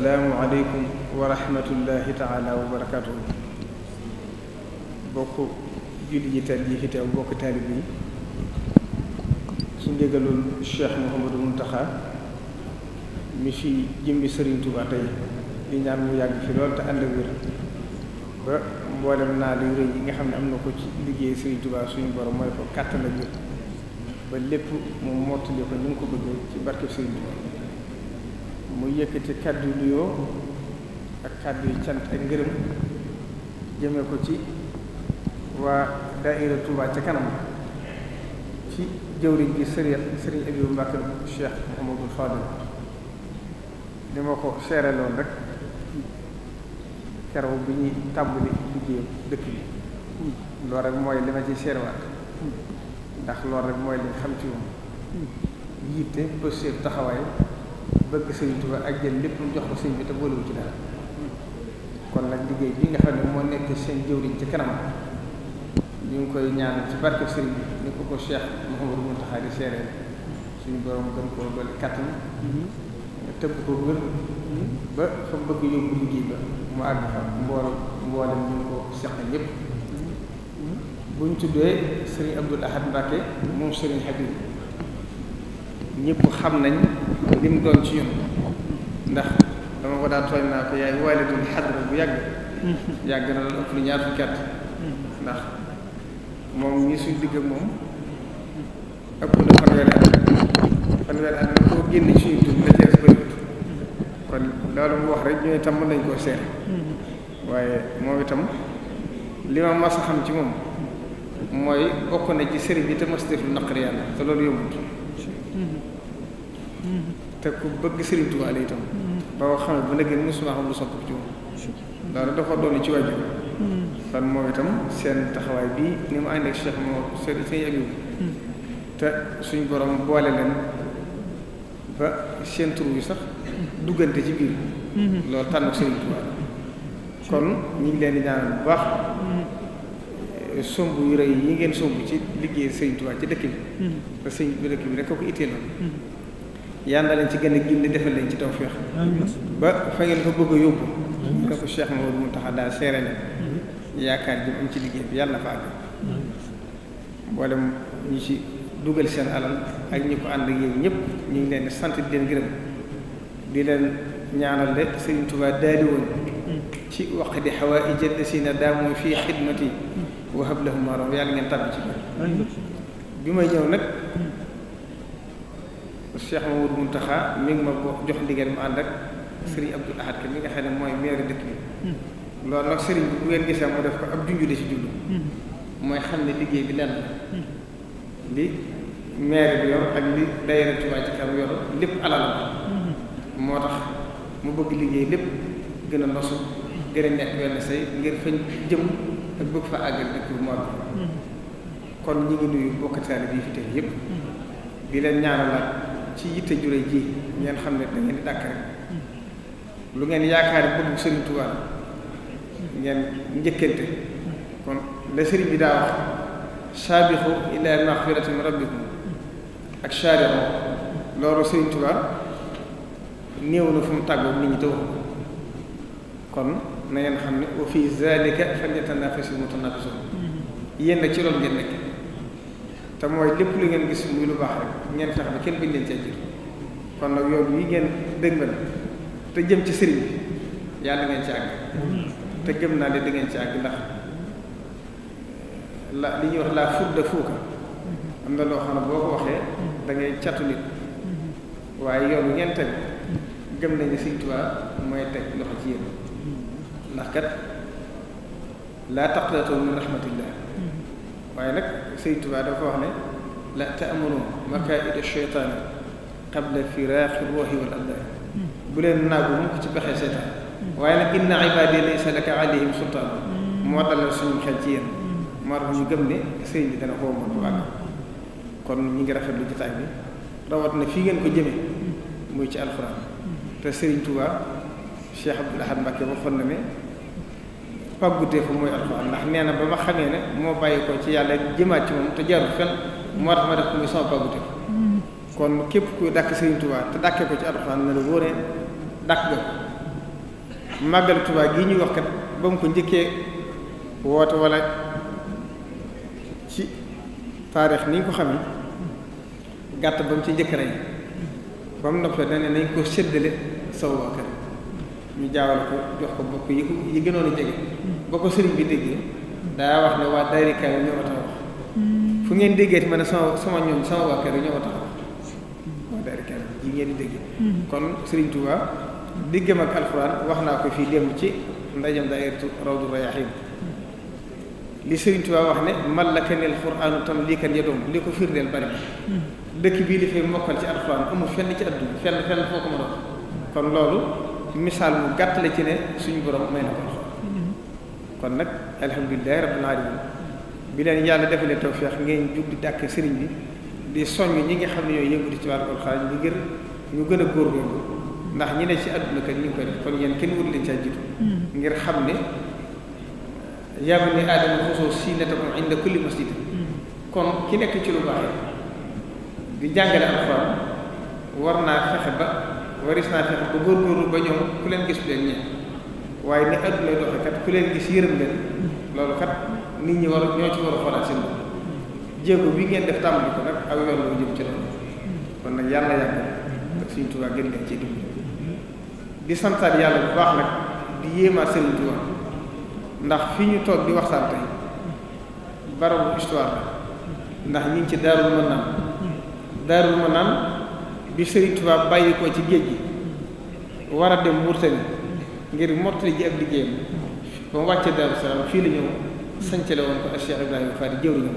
asalaamualeykum wa rahmatullahi taala wa barakaatu. bokk julli ji te ji fi teew bokk taalib yi ci ndégalul Cheikh Mouhamadou Mountakha mi fi jëmbi Serigne Touba tey di ñaan mu yàgg fi lool te ànd ak ba mboolem naa lu rëy yi nga xam ne am na ko ci liggéey Serigne Touba suñu borom mooy ko kàttan ak wér ba lépp moom mottali ko ni ko bëggee ci barkeb Serigne Touba mu yëkkati kàddu yu nuyoo ak kàddu yu cant ak ngërëm jëmee ko ci waa daaira Touba ca kanam ci jëwriñ bi sëriñ sëriñ Abibu Mbàkke Cheikh Mouhamadou Fadil li ma ko seeraloon rek keroog bi ñuy tàmbali liggéeyam dëkk bi loolu rek mooy li ma ci seerwaat ndax loolu rek mooy li xam ci moom yitte ba taxawaay bëgg sëriñ Tuuba ak jël lépp jox ko sëriñ bi te boolewul ci dara kon nag liggéey bi nga xam ne moo nekk seen jëwriñ ci kanam ñu ngi koy ñaan ci barke sëriñ bi ni ko ko Cheikh Mouhamadou Mountakha di seereel suñu borom gën koo dolli kàttan tëbb ko wër ba liggéey ba mu àgg fa mboolem mboolem ñu ko seq ñëpp bu ñu tuddee sëriñ Abdoul Ahad Mbacke moom sëriñ Habib ñépp xam nañ li mu doon ci ñun ndax dama ko daa tooñ naa ko yaay waalidul xadra bu yàgg yàgg na la ëpp lu ñaar fukki at ndax moom ñi moom ëpp na ci suñu tur la ci des bëriwut kon loolu mu wax rek ñooy itam mën nañ koo seere waaye moom itam li ma mas a xam ci moom mooy bokk na ci sëriñ bi te mas def lu naqari yàlla te loolu yombut te ku bëgg Sëriñ Tuubaa la itam. ba nga xam ne bu nekkee mosuma xam lu sopp ci moom. daanaka dafa doon ci wàjju. kon moom itam seen taxawaay bii ni mu ànd ak seen seen yàgg borom boole leen ba sax duggante ci biir. loolu tànn Sëriñ Tuubaa kon ñu ngi leen di ñaanal bu baax. sumb yu rëy yi ngeen sumb ci liggéey sëñ Tuubaa ci dëkk bi mm-hmm. te sëñ bi dëkk bi rek ko itteeloon mm-hmm. yal na leen ci gën a gindi defal leen ci tawfeex ba fa ngeen ko bëgg a yóbbu nga ko Cheikh Maodo mu tax daal seere na mm-hmm. yaakaar ji am ci liggéey bi yàlla fa àgg mboolem ñu ci dugal seen alal ak ñi ko ànd ak yéen ñëpp ñu ngi leen di sant di leen gërëm di leen ñaanal de sëñ tubaa daali woon ci waqti xawaa ijal si na daamu fii xidmati wa hab lahum maram yàlla ngeen tàbbi ci biir bi may ñëw nag Cheikh Mamadou Mountakha mi ngi ma jox ndigal mu ànd ak Serigne Abdoul Ahad Ka mi nga xam ne mooy maire dëkk bi loolu nag Serigne bi bu ngeen gisee mu def ko ab junju la ci jublu mooy xam ne liggéey bi lenn li maire bi yor ak li daayira Touba ci kanam yor lépp alal la moo tax mu bëgg liggéey lépp gën a nosu gën a nekk wenn say ngir fañ jëm ak fa àggal dëkk bu kon ñu ngi nuyu bokk taalibe yi fi teew yëpp. di leen ñaanalaat ci yitte jure ji ngeen xam ne da ngeen di dàkk rek lu ngeen yaakaar bëgg Sëriñ Tuubaa ngeen njëkkante kon la sëriñ bi daa wax saabixu ilaa maxfiratin min rabbikum ak saari'u loolu Sëriñ Tuubaa néew na fu mu tàggoo nit ñi te kon na ngeen xam ne wa fi zalika falyatanaafasil mutanaafisuun yéen nag ci loolu ngeen nekk te mooy lépp lu ngeen gis muy lu baax rek ngeen fexe ba kenn biñ leen cee jël kon nag yoon wi ngeen dëgmal te jëm ci sëriñ bi yàlla ngeen ci àgg te gëm naa de dangeen ci àgg ndax la li ñuy wax la fudda fuuka am na loo xam ne boo ko waxee da ngay catu nit waaye yoon wi ngeen teg gëm nañu Sëriñ Tuubaa mooy teg loxo ci yéen. ndax kat laa taqnatu min rahmatillah mm-hmm. waaye nag Sëriñ Tuubaa dafa wax ne la taamunu makaida sheytaani qabla firaaxi ruuxi wal abdan mm-hmm. bu leen naagu mukk ci pexe seytaan mm-hmm. waaye nag inna ibaadi laysa laka alayhim sultaan moo dalal suñu xel ci yéen moo tax ñu gëm ne sëriñ bi dana koo mën bu kon ñu ngi rafet lu jotaay bi rawat na fii ngeen ko jëme muy ci alxuraan te Sëriñ Tuubaa Cheikh Abdoul Ahad Mbacké waxoon na ne pàggutee fa mooy alxuraan ndax nee na ba ma xamee ne moo bàyyi ko ci yàlla jëmaat ci moom te jaarul fenn moo tax ma def ko muy sama pàggutee kon képp kuy dàkk Serigne Touba te dàkkee ko ci alxuraan na la wóoree dàkk nga ko màggal Touba gii ñuy wax kat ba mu ko njëkkee woote wala ci taarix ni ñu ko xamee gàtt ba mu ci njëkk rey ba mu noppee dañ ne nañ ko séddale sa kër ñu jaawale ko jox ko bokk yi ko yi gënoon a jege ba ko sëriñ bi déggee daa wax ne waa daayira kaamil ñoo ma tax wax fu ngeen déggee ma ne sama sama ñoom sama waa kër ñoo ma tax wax waa daayira kaamil yi ngeen dégg hmm. kon sëriñ Touba diggam ak alxuraan wax naa ko fii démb ci ndajam daayiratu rawdu rayaxiin hmm. li sëriñ Touba wax ne mallakanil xuraanu tam lii kan ya doom li ko firndeel bari hmm. dëkk bii li fay mokkal ci alxuraan amul fenn ci àdduna fenn fenn foo ko misaal mu gàtt la ci ne suñu borom may na ko kon nag alhamdulilahi rabbil alamin bi leen yàlla defalee tawfeex ngeen jug di dàkk sëriñ bi di soññ ñi nga xam ne ñooy yëngu di ci wàllu xaalis ñu gën ñu gën a góorgóorlu ndax ñi ne ci àdduna kat ñu ngi koy def kon yéen kenn wut leen caa jiitu ngir xam ne yaa banii aadama xusoo ziinatakum inda kulli masjid kon ki nekk ci lu baax di jàngale alxuraan war naa fexe ba waris naa fexe ba góorgóorlu ba ñoom ku leen gis leen ñi waaye ni àdduna doxe kat ku leen gis yërëm leen loolu kat nit ñi war ñoo ci war a xoolaat seen bopp bi ngeen def tàmbali ko nag ak yoon lu jëm ci loolu kon nag yàlla yàggal ak suñu Tuubaa gën leen ci dimbali di santaat yàlla bu baax nag di yéemaat seen Tuubaa ndax fi ñu toog di waxtaan tey barabu histoire la ndax ñu ngi ci daarul mën naan daarul mën naan bi Sëriñ tubaab bàyyi ko ci géej gi war a dem Murtani ngir mottali ji ak liggéeyam ba mu wàccee Daaru Salaam fii la ñëw sancale woon ko ak Cheikh Ibrahima Fall jëwriñam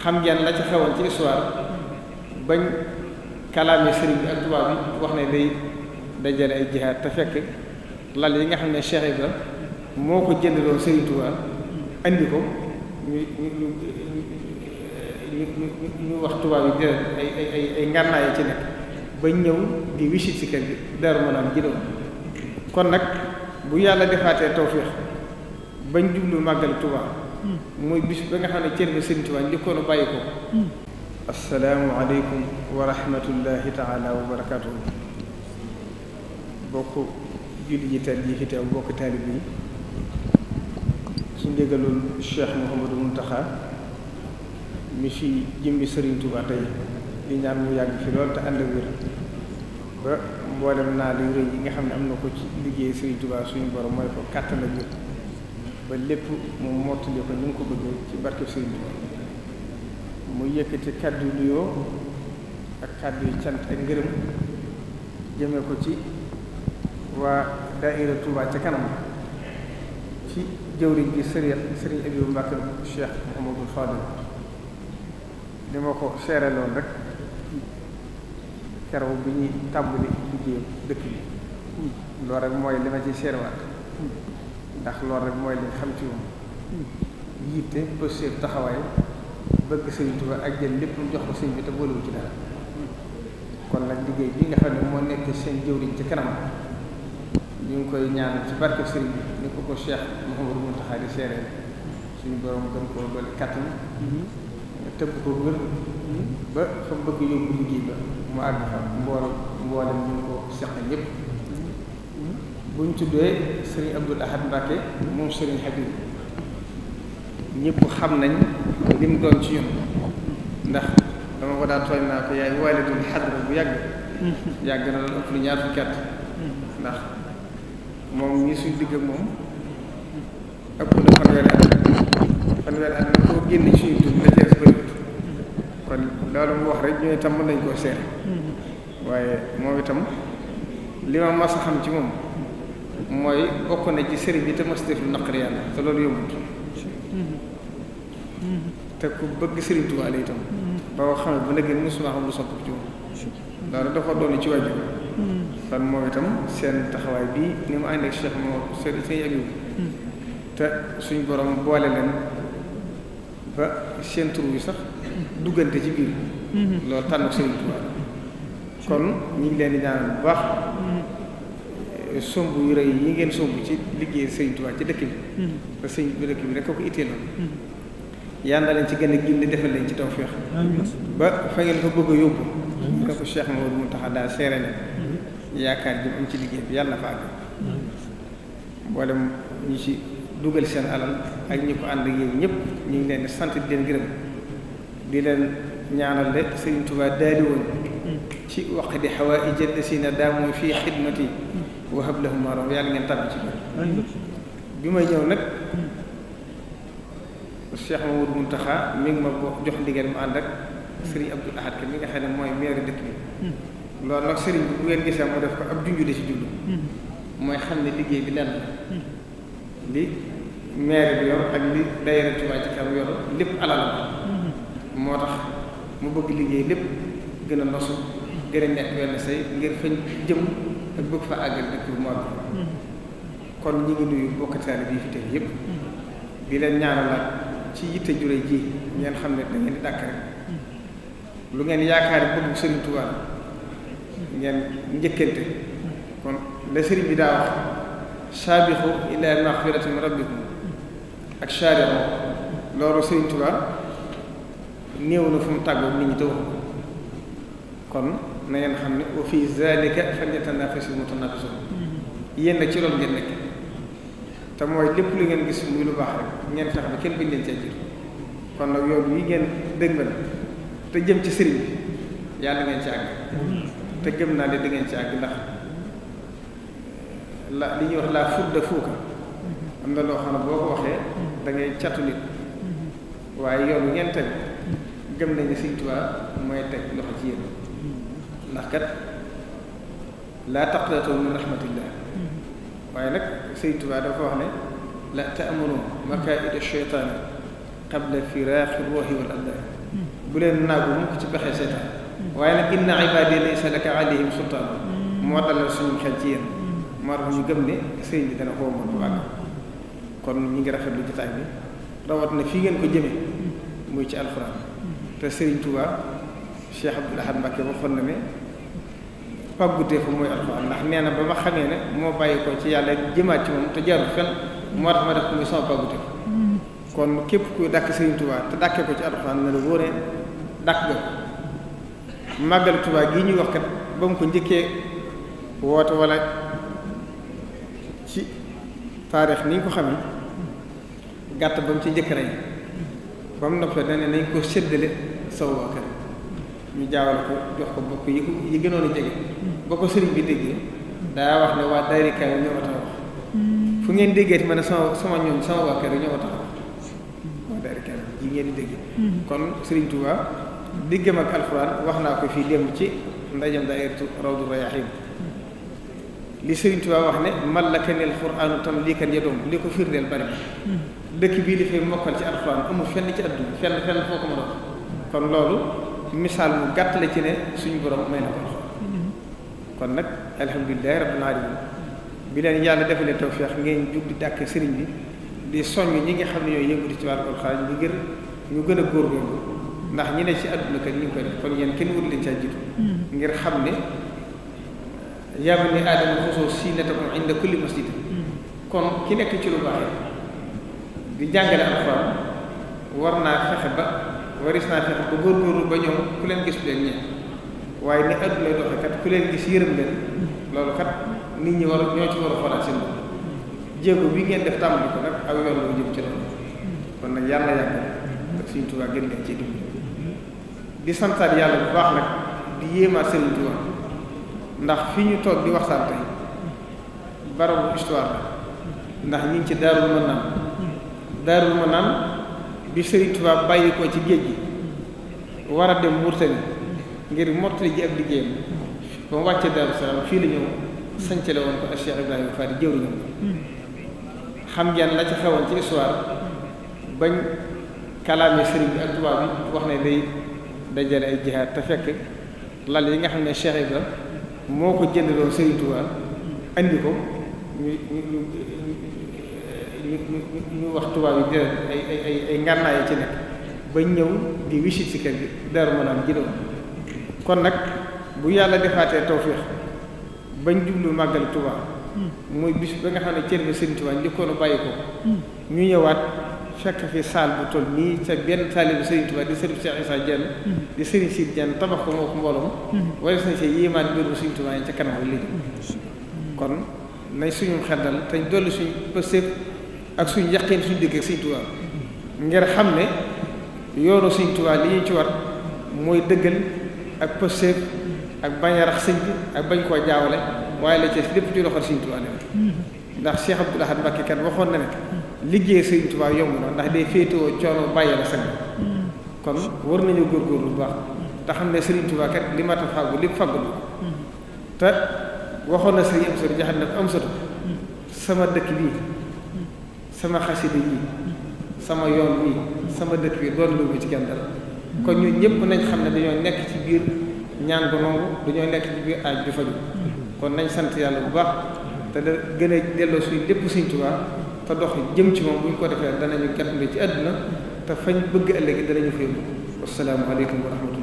xam ngeen la ci xewoon ci histoire bañ kalaame sëriñ bi ak tubaab bi wax ne day dajale ay jihaad te fekk lal yi nga xam ne Cheikh Ibra moo ko jëndaloon Sëriñ Tuubaa andi ko ñu ñu wax tubaab yi déedéet ay ay ay ay ci nekk ba ñëw di wisit si kër gi Daaru Manaan gi doon kon nag bu yàlla defaatee tawféex bañ jublu màggal Tuubaa muy bis ba nga xam ne cër ba Sëriñ Tuubaa njëkkoon a bàyyi ko assalaamu aleykum wa rahmatullahi taala wa barakaatuhu bokk julli ji tel bokk taalib yi su njëgalul Cheikh Mouhamadou Mountakha mi fi jëmbi Serigne Touba tey di ñaan mu yàgg fi lool te ànd ak wér ba mboolem naa lu rëy yi nga xam ne am na ko ci liggéey Serigne Touba suñu borom mooy ko kàttan ak wér ba lépp mu mottali ko ni mu ko bëggee ci barkeb Serigne Touba mu yëkkati kàddu nuyoo ak kàddu yi cant ak ngërëm jëmee ko ci waa daaira Touba ca kanam ci jëwriñ gi Serigne Serigne Abibou Mbacke Cheikh Mouhamadou Fadil li ma ko seere loon rek keroog bi ñuy tàmbali liggéey dëkk bi loolu rek mooy li ma ci seerewaat ndax loolu rek mooy li xam ci moom yitte pëstéef taxawaay bëgg sëñ Tuba ak jël lépp jox ko sëñ bi te boolewul ci dara kon nag liggéey nga xam ne moo nekk seen jëwriñ ci kanam ñu ngi koy ñaan ci barke sëriñ bi ni ko ko Cheikh Mouhamadou Mountakha di seeree suñu borom gën koo dolli kàttan tëbb ko wër ba fa bëgg yóbbu liggéey ba mu àgg fa mboole mboolem ñu ko seqal ñëpp buñ tuddee sëriñ Abdul Ahad Mbàkke moom sëriñ Habib ñëpp xam nañ li mu doon ci ñun ndax dama ko daa tooñ naa ko yaay waalidul xadra bu yàgg yàgg na la ëpp ñaar fukki at ndax moom ñi suñ digg moom ëpp na fanweeri at fanweeri at nag koo génn ci suñu dund la ci kon loolu mu wax rek ñu itam mën nañ koo seere waaye moom itam li ma mas a xam ci moom mooy bokk na ci sëriñ bi te mas def lu te loolu yombut bëgg sëriñ Tuubaa xam lu sopp ci moom loolu dafa ci wàjju kon moom itam seen taxawaay bii ni mu ànd ak Cheikh moo sëriñ sëriñ Abibu te suñ borom boole leen ba seen tur wi sax duggante ci biir mm-hmm. loo tànn Sëriñ Tuubaa kon ñu ngi leen di ñaanal bu baax mm-hmm. eh, somb yu rëy yi ngeen somb ci liggéey Sëriñ Tuubaa ci dëkk bi mm-hmm. te sëñ bi dëkk bi rek ko ko ittee loolu yàlla leen ci gën a gindi defal leen ci tawfeex ba fa ngeen ko bëgg a yóbbu nga ko Cheikh Maodo mu taxa daal seere ne yaakaar ji am ci liggéey bi yàlla na fa àgg mboolem ñu ci dugal seen alal ak ñi ko ànd ak yéen ñëpp ñu ngi leen di sant di leen gërëm di leen ñaanal de Sëriñ Tuubaa daali woon ci waq di xawaa jënd si na daa mooy fii xidmati wa hablahum marom yàlla ngeen tàbb ci loolu bi may ñëw nag Cheikh Mamadou Muntaxa mi ngi ma ko jox ndigal mu ànd ak Sëriñ Abdul Ahad mi nga xam ne mooy maire dëkk bi loolu nag sëriñ bu ngeen gisee mu def ko ab junju de ci jublu mooy xam ne liggéey bi lenn li maire bi yor ak li daayira Touba ci kanam yor lépp alal moo tax mu bëgg liggéey lépp gën a nosu gën a nekk wenn say ngir fañ jëm ak bëgg fa àggal dëkk bu kon ñu ngi nuyu bokk taalibe yi fi teew yëpp di leen ñaanalaat ci yitte jure ji ngeen xam ne da di dàkk rek lu ngeen yaakaar bëgg Sëriñ Touba ngeen njëkkante kon la sëriñ bi daa saabixu ila maxfirati min rabbikum ak saari'u loolu Sëriñ Tuubaa néew na fu mu tàggoon nit ñi te kon na ngeen xam ne wa fi zalika falyatanaafasil mutanaafisuun nag ci loolu te mooy lépp lu ngeen gis lu baax rek ngeen fex ba kon nag yoon yi ngeen dëgmal te jëm ci sëriñ bi yàlla ngeen ci àgg te gëm naa de dangeen ci àgg ndax la li ñuy wax la fudda fuuka am na loo xam ne boo ko waxee da ngay catu nit waaye yoon ngeen teg gëm nañu Sëriñ Tuubaa mooy teg loxo ci yéen ndax kat laa taqnatu min rahmatillah waaye nag Sëriñ Tuubaa dafa wax ne la ta'munu makaa'ida shaytaani qabla firaaqi ruuhi wal abdan bu leen naagu mukk ci pexe seytaan waaye nag inna ibaadi laysa laka alayhim sultaan moo dalal suñu xel ci yéen moo tax ñu gëm ne sëriñ bi dana ko mën bu àgg kon ñu ngi rafetlu jotaay bi rawat na fii ngeen ko jëme muy ci alxuraan te sëriñ Touba Cheikh Abdoul Ahad Mbacké waxoon na ne pàggutee fa mooy alxuraan ndax nee na ba ma xamee ne moo bàyyi ko ci yàlla jëmaat ci moom te jaarul fenn moo tax ma def ko muy sama pàggutee kon képp kuy dàkk sëriñ tubaa te dàkkee ko ci alxuraan na la wóoree dàkk ga màggal Touba gii ñuy wax kat ba mu ko njëkkee woote wala ci taarix ni ñu ko xamee gàtt ba mu ci njëkk rey ba mu noppee dane nañ ko séddale saw waa kër ñu jaawal ko jox ko bokk yi ko gënoon a jege ba sëriñ bi déggee daa wax ne waa daarikaay yi ñoo ma tax wax fu ngeen déggee ma ne sama sama ñoom sama waa kër yi ñoo ma tax wax waa daarikaay yi ngeen dégg kon sëriñ Touba diggam ak alxuraan wax naa ko fii démb ci ndajam daayiratu Rawdu Rayaahiin li Sëriñ Tuubaa wax ne man la keneel xuraanu tam lii kan ni doom li ko firndeel bari hmm. dëkk bii dafay mokkal ci alxuraan amul fenn ci àdduna fenn fenn foo ko mën a kon loolu misaal mu gàtt la ci ne suñu borom may na ko hmm. kon nag alhamdulilahi rabbil alamin bi leen yàlla defalee tawfeex ngeen jug di dàkk sëriñ bi di soññ ñi ngi xam ne ñooy yëngu di ci wàllu alxuraan ñu gën ñu gën a góorgóorlu ndax ñi ne ci àdduna kat ñu ngi koy def kon yéen kenn wut leen caa jiitu hmm. ngir xam ne yaa banii aadama xusoo ziinatakum inda kulli masjid kon ki nekk ci lu baax di jàngale alxuraan war naa fexe ba waris naa fexe ba góorgóorlu ba ñoom ku leen gis leen ñeent waaye ni àdduna doxe kat ku leen gis yërëm leen loolu kat nit ñi war ñoo ci war a xoolaat seen jéego bi ngeen def tàmbali ko nag aw yoon la jëm ci loolu kon nag yàlla yàgg ak suñu Tuubaa gën leen ci dimbali di santaat yàlla bu baax nag di yéemaat seen Tuubaa ndax fi ñu toog di waxtaan tey barabu ndax ñu ngi ci Daarul Manaan Daarul Manaan bi Sëriñ Tuubaa bàyyi ko ci géej gi war a dem Murtani ngir mottali ji ak liggéeyam ba mu wàccee Daaru Salaam fii la ñëw sañcale woon ko ak Cheikh Ibrahima Faty xam ngeen la ci xewoon ci histoire bañ kalaame sëriñ bi ak tubaab bi wax ne day dajale ay jihaad te fekk lal yi nga xam ne Cheikh Ibrahima moo ko jëndaloon Serigne Touba andi ko ñu ñu ñu ñu wax tubaab yi jël ay ay ay ay ci nekk ba ñëw di wisit si kër gi Daaru Manaan jëndoo kon nag bu yàlla defaatee tawféex bañ jublu màggal Touba. Hmm. muy bis ba nga xam ne cër ba Serigne Touba njëkkoon bàyyi ko. Hmm. ñu ñëwaat. fekk fi saal bu toll nii ca benn taalibu Serigne Touba di Serigne Cheikh Issa Dieng di Serigne Sidy Dieng tabax ko moo ko mbooloom wala sañ see yéemaan mbirum Serigne Touba yi ca kanam léegi kon nañ suñu xeddal te dolli suñu ngir xam ne yoonu Serigne Touba ci war mooy dëggan ak pëstéef ak bañ a rax sëñ ak bañ koo jaawale waaye la ci lépp ci loxo Serigne Touba ndax Cheikh Abdoul Ahad Mbacké kat waxoon na ne liggéey Sëriñ Tuubaa yomb na ndax day féetewoo coono bàyyi la sëñ kon war nañu góorgóorlu bu baax te xam ne Sëriñ Tuubaa kat li mat a fàggu lépp fàggu te waxoon na Sëriñ Amsatu Jaxate ne Amsatu sama dëkk bii sama xasida yi sama yoon bii sama dëkk bi doon lu ci kenn dara kon ñun ñëpp nañ xam ne dañoo nekk ci biir ñaan gu nangu dañoo nekk ci biir aaj du faju kon nañ sant yàlla bu baax te da gën a delloo suy lépp Sëriñ Tuubaa te dox jëm ci moom bu ñu ko defee danañu gàtt ci àdduna te fañ bëgg ëllëg danañu fi yóbbu wassalaamu aleykum wa